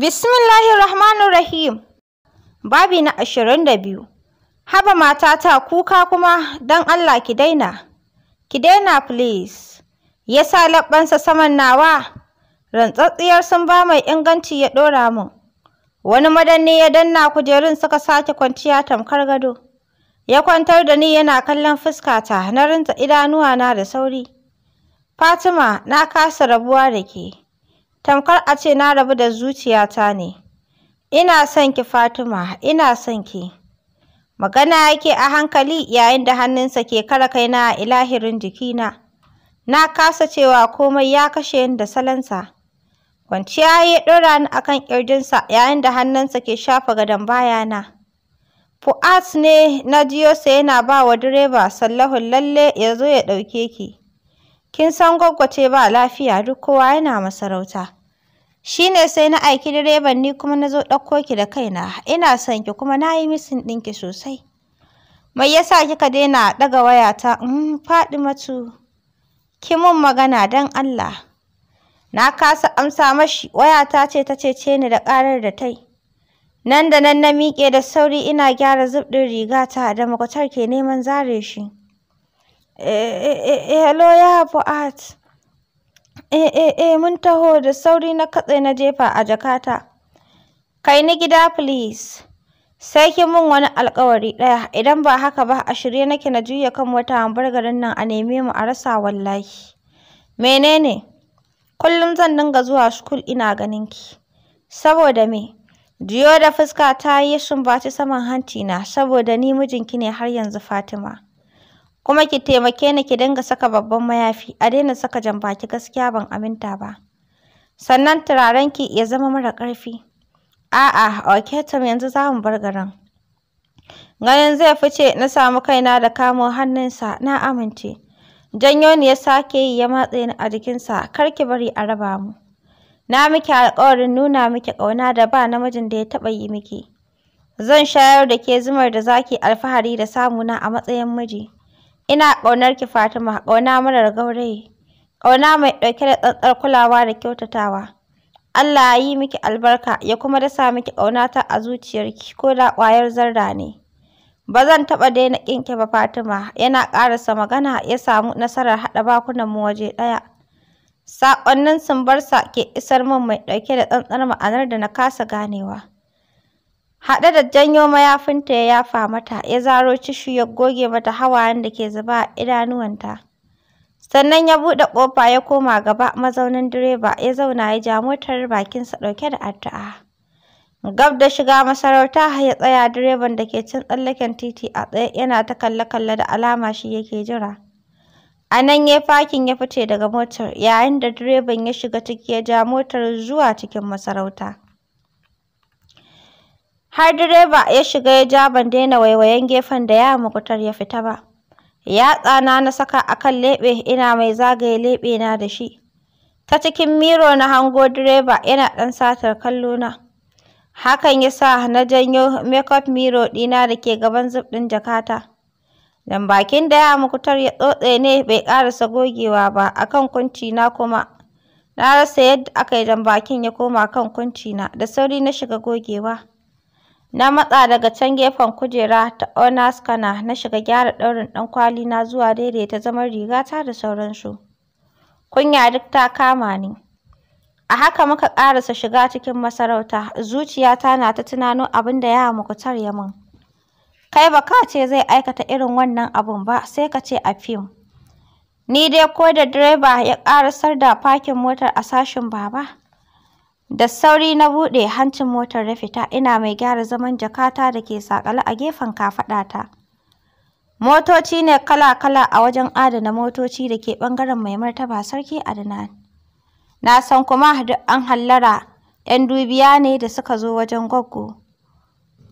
Bismillahir Rahmanir Rahim. Babi na ashirin da biyu. Haba matata kuka kuma don Allah ki daina. Ki daina please. Ya sa saman nawa. Rantsatsiyar sun ba mai inganci ya ɗora min. Wani madanni ya danna kujerun suka sake kwanciya tamkar gado. Ya kwantar da ni yana kallon fuskata na rinta idanuwana da sauri. Fatima na kasa rabuwa da ke. tamkar a ce na rabu da zuciyata ne ina son ki Fatima ina son ki magana yake a hankali yayin da hannunsa ke kara kaina a ilahirin jikina na kasa cewa komai ya kashe ni da salansa kwanciya ya ɗora ni akan ƙirjinsa yayin da hannunsa ke shafa gadon bayana Fu'at ne na jiyosa yana ba wa direba sallahu lalle ya zo ya ɗauke ki. Kin san gwaggwace ba lafiya duk kowa yana masarauta. Shi ne sai na aiki direban ni kuma na zo ɗauko ki da kaina. Ina son ki kuma na yi misin ɗinki sosai. Mai yasa kika daina ɗaga wayata? Mm, faɗi matu. ki mun magana don Allah. Na kasa amsa mashi, wayata ce ta cece ni da ƙarar da tai. Nan da nan na miƙe da sauri ina gyara zub ɗin rigata da makwatar ke neman zare shi. Eh, eh, eh, eh hello ya Eh, eh, eh mun taho da sauri na katse na jefa a jakata. Kai ni gida please. Sai kin mun wani alkawari ɗaya idan ba haka ba a shirye nake na juya kan wata hamburgarin nan a neme mu a rasa wallahi. Menene? Kullum zan dinga zuwa shukul ina ganin ki. Saboda me? Jiyo da fuska ta yi shumbaci saman hanci na saboda ni mijinki ne har yanzu Fatima. kuma ki taimake ni ki dinga saka babban mayafi a daina saka jan baki gaskiya ban aminta ba sannan turaren ki ya zama mara ƙarfi a'a oketum yanzu za mu bar garin ganin zai fice na samu kaina da kamo hannunsa na amince janyo ni ya sake yi ya matse ni a jikinsa kar ki bari a raba mu na miki alƙawarin nuna miki ƙauna da ba namijin da ya taɓa yi miki zan shayar da ke zumar da zaki alfahari da samuna a matsayin miji Ina ƙaunar ki Fatima, ƙauna marar gaurayi, ƙauna mai ɗauke da tsantsar kulawa da kyautatawa. Allah ya yi miki albarka ya kuma dasa miki ƙaunata a zuciyarki ko da ƙwayar zarra ne. Ba zan taɓa daina ƙinki ba Fatima, yana ƙarasa magana ya samu nasarar haɗa bakunan mu waje ɗaya. Saƙonnin sumbarsa ke isar min mai ɗauke da tsantsar ma'anar da na kasa ganewa. haɗe da janyo mayafinta ya yafa mata, ya zaro cishu, ya goge mata hawayen da ke zuba a idanuwanta. Sannan ya buɗe ƙofa ya koma gaba mazaunin direba ya zauna ya ja motar bakinsa ɗauke da addu'a. Gab da shiga masarauta ya tsaya direban da ke cin tsallaken titi a tsaye yana ta kalle-kalle da alama shi yake jira. A nan ya fakin ya fice daga motar yayin da direban ya shiga ciki ya ja motar zuwa cikin masarauta. har direba ya shiga ya ja ban daina waiwayen gefen da ya mukutar ya fita ba Ya tsana na saka akan kan leɓe ina mai zagaye leɓe na da shi ta cikin miro na hango direba yana ɗan satar kallo na hakan ya sa na janyo makeup miro dina da ke gaban zub din jakata dan bakin da ya mukutar ya tsotse ne bai ƙarasa gogewa ba akan kunci na kuma na rasa yadda aka yi dan bakin ya koma kan kunci na da sauri na shiga gogewa Na matsa daga can gefen kujera ta Owners na shiga gyara ɗaurin kwali na zuwa daidaita zaman rigata da sauransu. Kunya duk ta kama ni. A haka muka ƙarasa shiga cikin masarauta, zuciyata na ta tunano abin da ya Muktar ya min. Kai ba ka ce zai aikata irin wannan abun ba, sai ka ce a fim. Ni dai ko da direba ya ƙarasar da fakin motar a sashin baba, Da sauri na buɗe hancin motar da fita ina mai gyara zaman jakata da ke saƙale a gefen kafaɗata. Motoci ne kala-kala a wajen adana motoci da ke ɓangaren mai martaba sarki Adnan. Na san kuma duk an hallara 'yan dubiya ne da suka zo wajen gwaggo.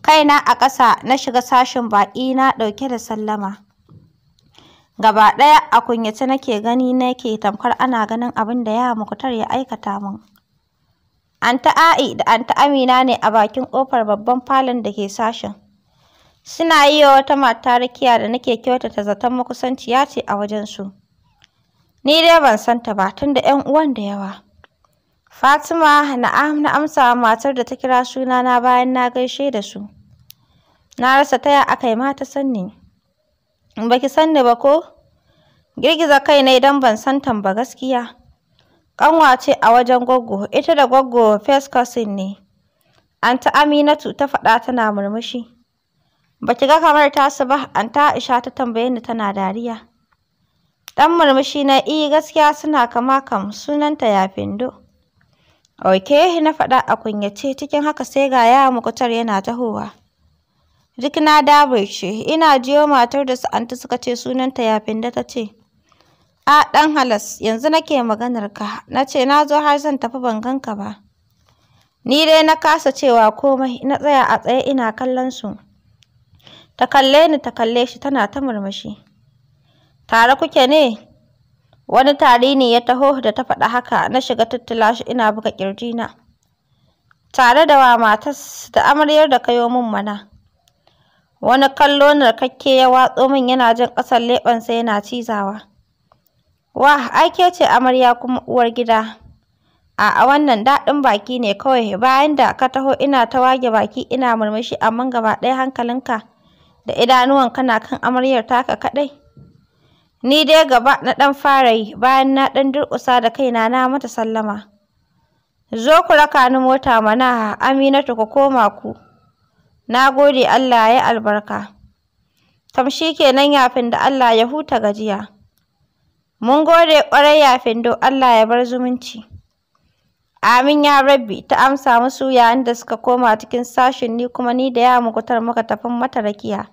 Kaina a ƙasa na shiga sashin baƙi na ɗauke da sallama. Gaba ɗaya a kunyace nake gani nake tamkar ana ganin abin da ya mukutar ya aikata min. Anta A'i da Anta Amina ne a bakin ƙofar babban falon da ke sashen. Suna yi wa wata mata rakiya da nake kyautata zaton makusanciya ce a su. Ni dai ban san ta ba da 'yan uwan da yawa. Fatima na'am na amsa wa matar da ta kira sunana bayan na gaishe da su. Na rasa taya aka yi mata sanni. san ni. Baki san ni ba ko? Girgiza kai ne idan ban san tan ba gaskiya. Ƙanwace a wajen Goggo, ita da Goggo first cousin ne. Anta Aminatu ta faɗa tana murmushi. Ba ki ga kamar tasu ba, Anta Aisha ta tambaye ni tana dariya. Ɗan murmushi na iya eh, gaskiya suna kama kam sunanta Yafindo. okay na faɗa a kunyace cikin haka sai ga ya mukutar yana tahowa. Duk na dabarce, ina jiyo matar da su Anta suka ce sunanta Yafindo ta ce. A ɗan halas, yanzu nake maganar ka. Na ce na zo har zan tafi ban gan ba. Ni dai na kasa cewa komai, na tsaya a tsaye ina kallon su. Ta kalle ni ta kalle shi tana ta murmushi. Tare kuke ne? Wani tari ne ya taho da ta faɗa haka na shiga tattula shi ina buga na. Tare da wa matas da amaryar da kayo min mana. Wani kallo narkakke ya watso min yana jin ƙasar leɓensa yana cizawa. Wa ai ke ce amarya kuma uwar gida. A'a wannan daɗin baki ne kawai bayan da ka taho ina ta wage baki ina murmushi amma gaba ɗaya hankalinka da idanuwan kana kan amaryar taka kaɗai. Ni dai gaba na ɗan fara yi bayan na ɗan durƙusa da kaina na mata sallama. Zo ku raka ni mota mana Aminatu ku koma ku. Na gode Allah ya albarka. tamshi kenan yafin da Allah ya huta gajiya. Mun gode ƙwarai Yafindo, Allah ya bar zumunci. Amin ya rabbi, ta amsa musu yayin da suka koma cikin sashin ni kuma ni da ya mukutar muka tafi mata rakiya.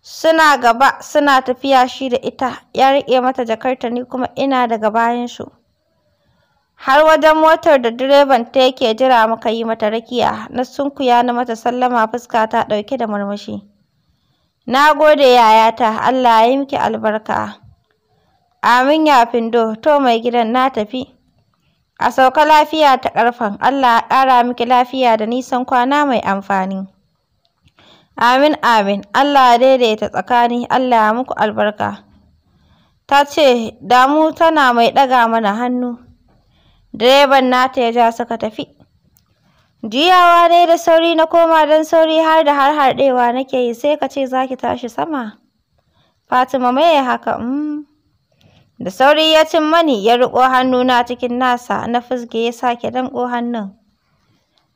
Suna gaba, suna tafiya shi da ita, ya riƙe mata jakarta ni kuma ina daga bayan su. Har wajen motar da direban ta yake jira muka yi mata rakiya, na sunkuya na mata sallama fuska ta ɗauke da murmushi. Na gode yayata, Allah ya yi miki albarka. Amin ya findo, to mai gidan na tafi. A sauka lafiya ta ƙarfan, Allah ya ƙara miki lafiya da nisan kwana mai amfani. Amin amin, Allah ya daidaita tsakani, Allah ya muku albarka. Ta ce, damu tana mai ɗaga mana hannu. Direban nata ya ja suka tafi. Jiyawa dai da sauri na koma don sauri har da harhaɗewa nake yi sai ka ce za ki tashi sama. Fatima mai haka? Mm. Da sauri ya cin mani ya riƙo hannuna cikin nasa na fizge ya sake danƙo hannun.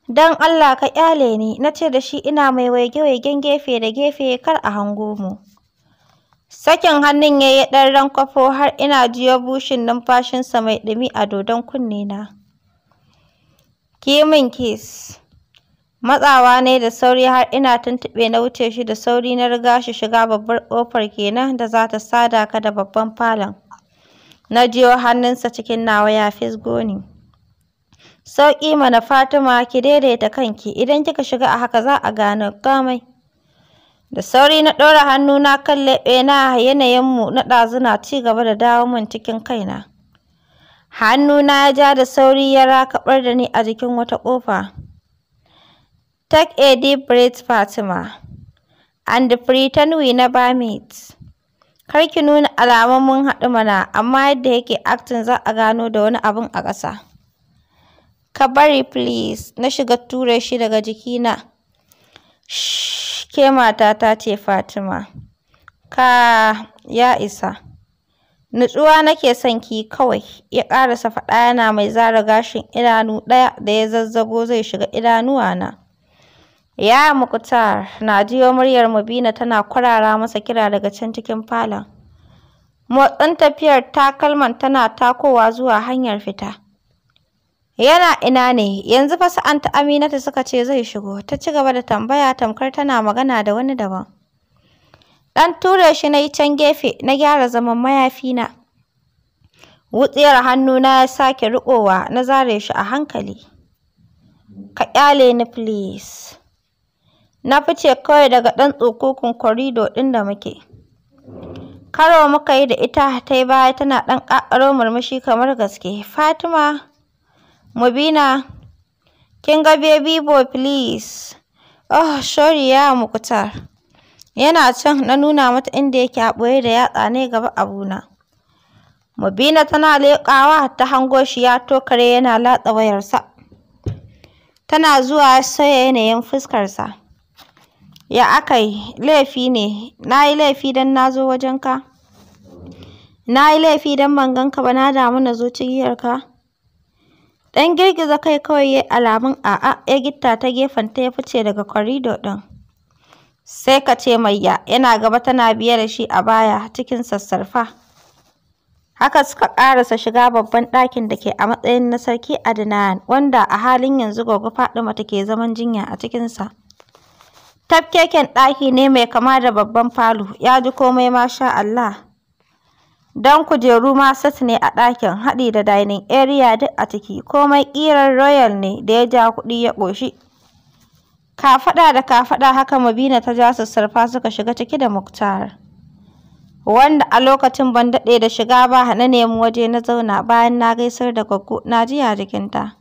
Don Allah ka ƙyale ni, na ce da shi ina mai waige-waigen gefe da gefe kar a hango mu. Sakin hannun yayi yi ɗan rankwafo har ina jiyo bushin numfashinsa mai ɗumi a dodon kunne na. Ki min kis. Matsawa ne da sauri har ina tuntuɓe na wuce shi da sauri na riga shi shiga babbar ƙofar kenan da za ta sada ka da babban falon. na jiyo hannunsa cikin nawa ya fisgo ni sauƙi mana fatima ki daidaita kanki idan kika shiga a haka za a gane kamai. da sauri na ɗora na kan leɓe na yanayinmu na ɗazuna ci gaba da dawo min cikin kaina hannuna ya ja da sauri ya rakaɓar da ni a jikin wata ƙofa take a deep breath fatima and pretend we never meet kar ki nuna alamun mun haɗu mana amma yadda yake aktin za a gano da wani abun a ƙasa ka bari please na shiga ture shi daga jikina ke ta ce Fatima ka ya isa nutsuwa nake son ki kawai ya ƙarasa faɗa yana mai zara gashin idanu ɗaya da ya zazzago zai shiga idanuwana Ya Muktar, na jiyo muryar Mubina tana kwarara masa kira daga can cikin falon. Motsin tafiyar takalman tana takowa zuwa hanyar fita. Yana ina ne, yanzu fa sa'anta Aminatu suka ce zai shigo, ta ci gaba da tambaya tamkar tana magana da wani daban. Ɗan ture shi na yi can gefe, na gyara zaman mayafina. Wutsiyar hannu na ya sake riƙowa, na zare shi a hankali. Ka ƙyale ni please. Na fice kawai daga ɗan tsokokin korido ɗin da muke. Karo muka yi da ita ta yi baya tana ɗan ƙaƙaro murmushi kamar gaske. Fatima, Mubina, kin ga baby boy please. Oh, sorry ya Yana can na nuna mata inda yake a da yatsa ne gaba abuna. Mubina tana leƙawa ta hango shi ya tokare yana latsa wayarsa. Tana zuwa ya yanayin fuskarsa. Ya aka yi? Laifi ne. Na yi laifi don na zo wajenka? Na yi laifi don ban gan ka ba na damu na zo ka? Ɗan girgiza kai kawai ya yi alamun a'a ya gitta ta ta ya fice daga kwarido ɗin. Sai ka ce mai ya. yana gaba tana biye da shi a baya cikin sassarfa. Haka suka ƙarasa shiga babban ɗakin da ke a matsayin na Sarki Adnan wanda a halin yanzu faɗi mata ke zaman jinya a cikinsa. Tafkeken ɗaki ne mai kama da babban falo, ya ji komai masha Allah. Don kujeru ma set ne a ɗakin, haɗi da dining area duk a ciki, komai ƙirar royal ne da ya ja kuɗi ya ƙoshi. Kafaɗa da kafaɗa haka Mabina ta ja sassarfa suka shiga ciki da Muktar. Wanda a lokacin ban daɗe da shiga ba, hana nemi waje na zauna bayan na gaisar da goggo, na ji a jikinta.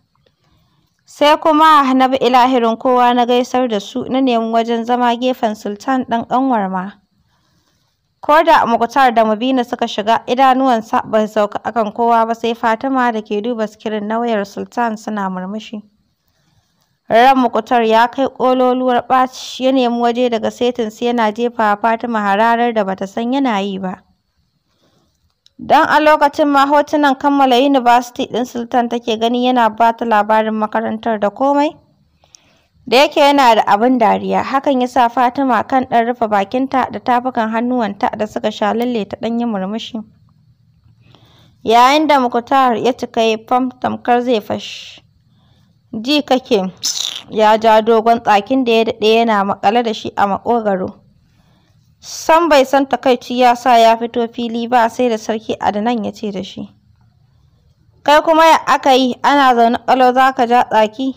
Sai kuma na bi ilahirin kowa na gaisar da su na nemi wajen zama gefen Sultan ɗan ƙanwar ma. Ko da Muktar da Mubina suka shiga idanuwansa bai sauka akan kowa ba sai Fatima da ke duba sikirin na wayar Sultan suna murmushi. Ran mukutar ya kai ƙololuwar ɓaci ya nemi waje daga setinsu yana jefa Fatima hararar da bata san yana yi ba. don a lokacin ma hotunan kammala yunibasiti ɗin Sultan take gani yana ba ta labarin makarantar da komai. Da yake yana da abin dariya, hakan ya sa Fatima kan ɗan rufe bakinta da tafukan hannuwanta da suka sha lalle ta ɗan yi murmushi. Yayin da Mukhtar ya cika ya fam tamkar zai fashi. Ji kake ya ja dogon tsakin da ya daɗe yana maƙale da shi a maƙogwaro. San bai san takaici ya sa ya fito fili ba sai da sarki Adnan ya ce da shi. Kai kuma ya aka yi ana zaune kalo za ka ja tsaki?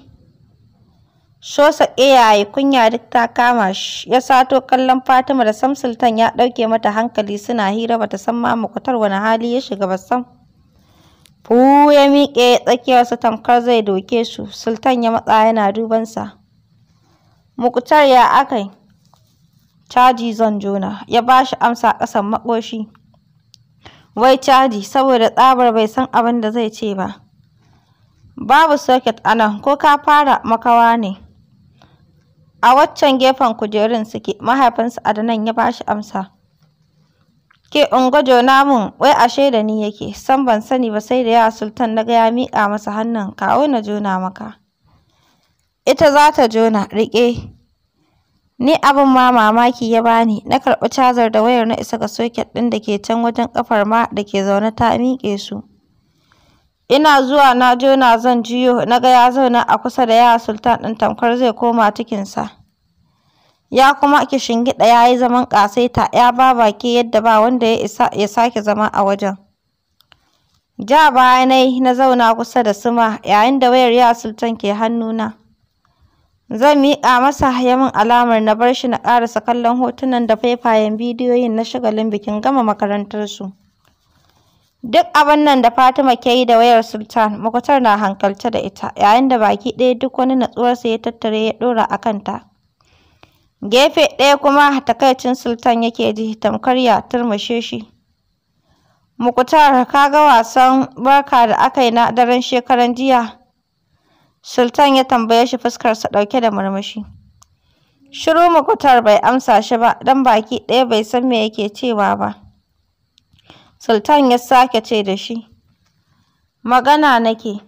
Shosa ƙeyaye kunya duk ta kama shi ya sato kallon Fatima da Sam Sultan ya ɗauke mata hankali suna hira bata san ma makutar wani hali ya shiga ba sam. Fu ya miƙe tsakiyar tsakiyarsa tamkar zai doke su, Sultan ya matsa yana dubansa. Mukutar ya aka yi? caji zan jona ya ba shi amsa ƙasan maƙoshi wai caji saboda tsabar bai san abin da zai ce ba babu soket a nan ko ka fara makawa ne a waccan gefen kujerun suke mahaifinsu adanan ya ba shi amsa ke ungojo namun wai ashe da ni yake san ban sani ba sai da ya sultan na ga ya miƙa masa hannun kawo na jona maka ita za ta jona riƙe Ni abin ma mamaki ya bani, na karɓi cajar da wayar na isa ga soket ɗin da ke can wajen ƙafar ma da ke zaune ta miƙe su. Ina zuwa na jona zan juyo, na ga ya zauna a kusa da yaya Sultan ɗin tamkar zai koma cikinsa. Ya kuma shingiɗa ya yi zaman ƙasaita, ya ba baki yadda ba wanda ya isa ya sake zama a wajen. Ja baya na zauna kusa da suma, yayin da wayar yaya Sultan ke hannuna. Zan miƙa masa ya alamar na bar shi na ƙarasa kallon hotunan da faifayen bidiyoyin na shagalin bikin gama makarantarsu. Duk abin nan da Fatima ke yi da wayar Sultan, Muktar na hankalce da ita, yayin da baki ɗaya duk wani natsuwarsa ya tattare ya ɗora a kanta. Gefe ɗaya kuma takaicin Sultan yake ji tamkar ya turmushe shi. mukutar ka ga wasan barka da aka yi na daren shekaran jiya? Sultan ya tambaye shi fuskarsa ɗauke da murmushi. Shiru mukutar bai amsa shi ba don baki ɗaya bai san me yake cewa ba. Sultan ya sake ce da shi, Magana nake.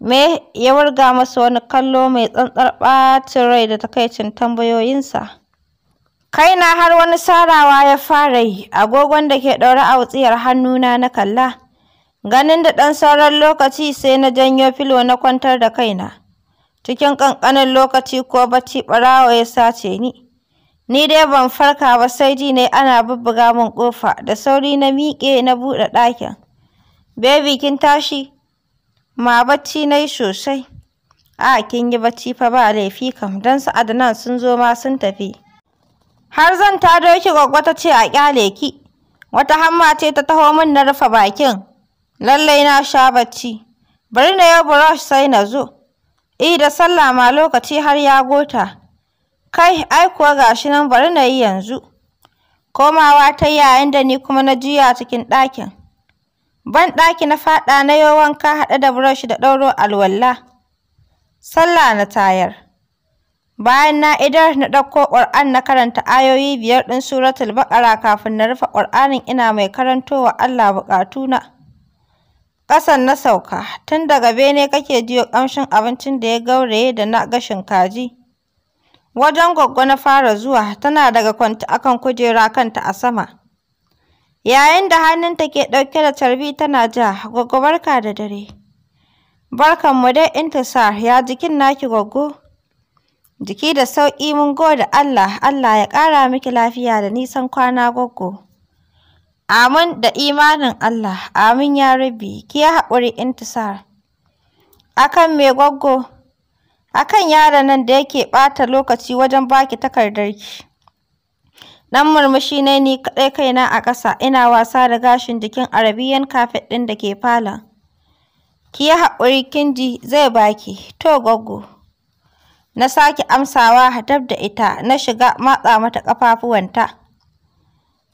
Me ya wurga masa wani kallo mai tsantsar ɓacin rai da takaicin tambayoyinsa. kai na har wani sarawa ya fara yi, agogon da ke ɗaure a wutsiyar hannuna na kalla. Ganin da ɗan sauran lokaci sai na janyo filo na kwantar da kaina. Cikin ƙanƙanin lokaci ko bacci ɓarawo ya sace ni. Ni dai ban farka ba sai ji ne ana bubbuga min ƙofa da sauri na miƙe na buɗe ɗakin. Baby kin tashi? Ma bacci na yi sosai. A'a kin yi bacci fa ba laifi kam don su Adnan sun zo ma sun tafi. Har zan ta ki gwaggwata ce a ƙyale ki. Wata hamma ce ta taho min na rufe bakin. Lallai na sha bacci. Bari na yi brush sai na zo. eh da sallah ma lokaci har ya gota. Kai, ai kuwa ga shi nan bari na yi yanzu. Komawa ta yayin da ni kuma na juya cikin ɗakin. Ban ɗaki na faɗa na yi wanka haɗe da brush da ɗauro alwala. Sallah na tayar. Bayan na idar na ɗauko Ƙur'an na karanta ayoyi biyar ɗin suratul Baƙara kafin na rufe Ƙur'anin ina mai karantowa Allah buƙatuna. ƙasan na sauka, tun daga bene kake jiyo ƙamshin abincin da ya gauraye da na gashin kaji. Wajen gwaggo na fara zuwa, tana daga kwance akan kujera kanta a sama. Yayin da hannunta ke ɗauke da carbi tana ja, goggo barka da dare. barkan mu dai Intisar, ya jikin naki gwaggo? Jiki da sauƙi mun gode Allah, Allah ya ƙara miki lafiya da nisan kwana gwaggo. Amin da imanin Allah, amin ya rabi, ki yi haƙuri intisar. Akan me gwaggo? Akan yara nan da yake ɓata lokaci wajen baki takardar ki. Ɗan murmushi ne ni kaɗai kaina a ƙasa, ina wasa da gashin jikin Arabiyan kafet ɗin da ke falon. Ki yi haƙuri kinji zai baki, to gwaggo. Na sake amsawa dab da ita, na shiga matsa mata ƙafafuwanta.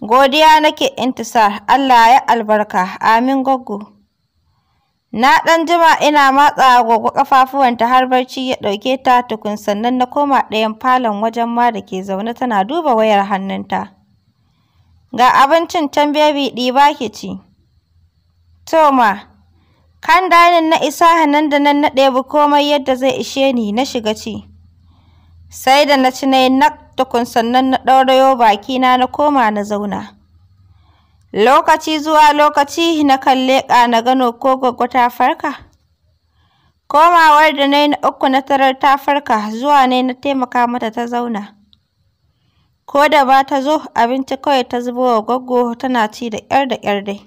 Godiya nake intisar, Allah ya albarka, amin goggo. Na ɗan jima ina matsa kafafuwan ƙafafuwanta har barci ya ɗauke ta tukun sannan na koma ɗayan falon wajen ma da ke zaune tana duba wayar hannunta. Ga abincin can bebi ba ki ci. Toma. ma, kan danin na isa nan da nan na ɗebi komai yadda zai ishe ni na shiga ci. Sai da na ci na tukun sannan na ɗaurayo bakina na koma na zauna. Lokaci zuwa lokaci na kan leƙa na gano ko gwaggo ta farka. Komawar da na yi na uku na tarar ta farka zuwa ne na taimaka mata ta zauna. Ko da ba ta zo abinci kawai ta zubo wa gwaggo tana ci da ƙyar da ƙyar dai.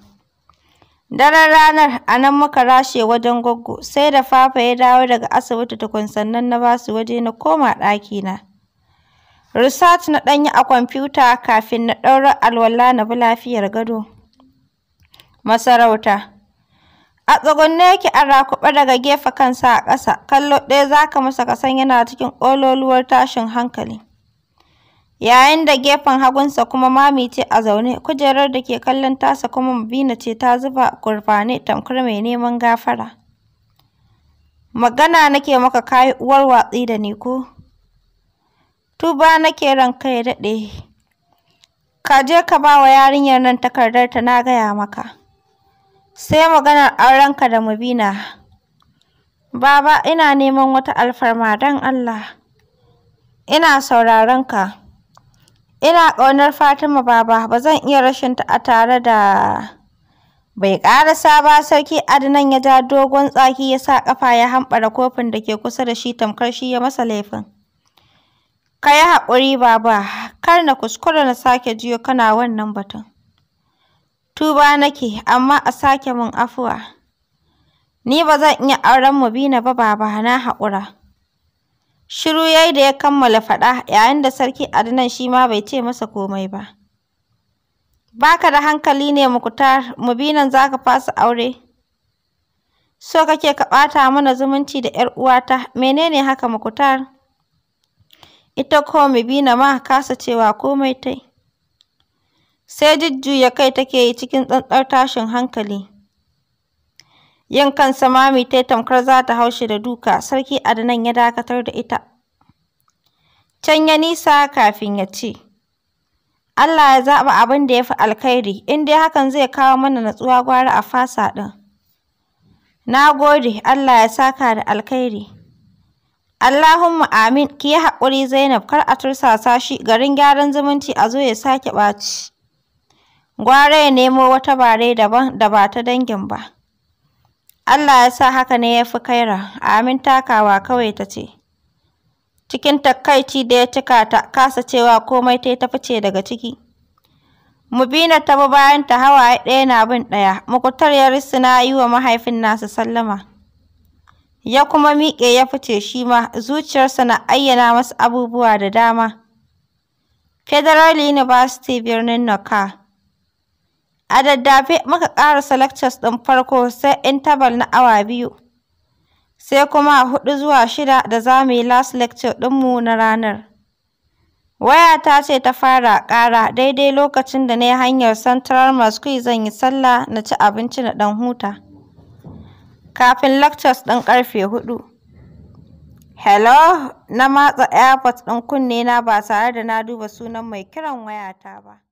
Daren ranar a nan muka rashe wajen gwaggo sai da Fafa ya dawo daga asibiti tukun sannan na basu waje na koma ɗakina. Research na ɗanyi a kwamfuta kafin na ɗaura alwala na bi lafiyar gado. Masarauta. A tsugunne yake an rakuɓa daga gefe kansa a ƙasa, kallo ɗaya za ka masa kasan yana cikin ƙololuwar tashin hankali. Yayin da gefen hagunsa kuma mami ce a zaune, kujerar da ke kallon tasa kuma Mabina ce ta zuba gurfane tamkar mai neman gafara. Magana nake maka kayi uwar watsi da ni ko? Tuba nake ranka ya daɗe. Ka je ka ba wa yarinyar nan takardar ta na gaya maka. Sai maganar aurenka da Mubina. Baba ina neman wata alfarma don Allah. Ina sauraron ka. Ina ƙaunar Fatima baba ba zan iya rashin ta a tare da bai ƙara ba sarki Adnan ya ja dogon tsaki ya sa ƙafa ya hamɓara kofin da ke kusa da shi tamkar shi ya masa laifin. Ka yi haƙuri Baba, kar na kuskure na sake jiyo kana wannan batun. Tuba nake, amma a sake min afuwa. Ni ba zan iya auren mu bina ba Baba, na haƙura. Shiru yayi da ya kammala faɗa, yayin da Sarki Adnan shi ma bai ce masa komai ba. baka da hankali ne Muktar, Mubinan za ka fasa aure. So kake ka ɓata mana zumunci da ‘yar uwata, menene haka Muktar? Ita ko Mibina ma kasa cewa komai ta yi. Sai jujjuya kai take yi cikin tsantsar tashin hankali. Yin kansa Mami ta yi tamkar za ta haushe da duka, Sarki Adnan ya dakatar da ita. Can ya nisa kafin ya ce, Allah ya zaɓi abin da ya fi alkhairi, in dai hakan zai kawo mana natsuwa gwara a fasa ɗin. Na gode, Allah ya saka da alkhairi. Allahumma amin ki yi haƙuri Zainab kar a tursasa shi garin gyaran zumunci a zo ya sake ɓaci. Gwara ya nemo wata bare daban da ba ta dangin ba. Allah ya sa haka ne ya fi kaira, amin takawa kawai ta ce. Cikin takaici da ya cika ta kasa cewa komai ta tafi ce daga ciki. Mubina ta bi bayan ta hawaye ɗaya na bin ɗaya, mukutar ya risina yi wa mahaifin nasu sallama. ya kuma miƙe ya fice shi ma zuciyarsa na ayyana masa abubuwa da dama. Federal University birnin Naka. A daddafe muka ƙarasa lectures ɗin farko sai interval na awa biyu. Sai kuma a huɗu zuwa shida da za mu yi last lecture ɗinmu na ranar. Wayata ce ta fara ƙara daidai lokacin da na yi hanyar Central masquee zan yi sallah na ci abinci na ɗan huta. kafin lectures ɗin ƙarfe hudu, Hello, na matsa airport ɗin kunne na ba tare da na duba sunan mai kiran wayata ba.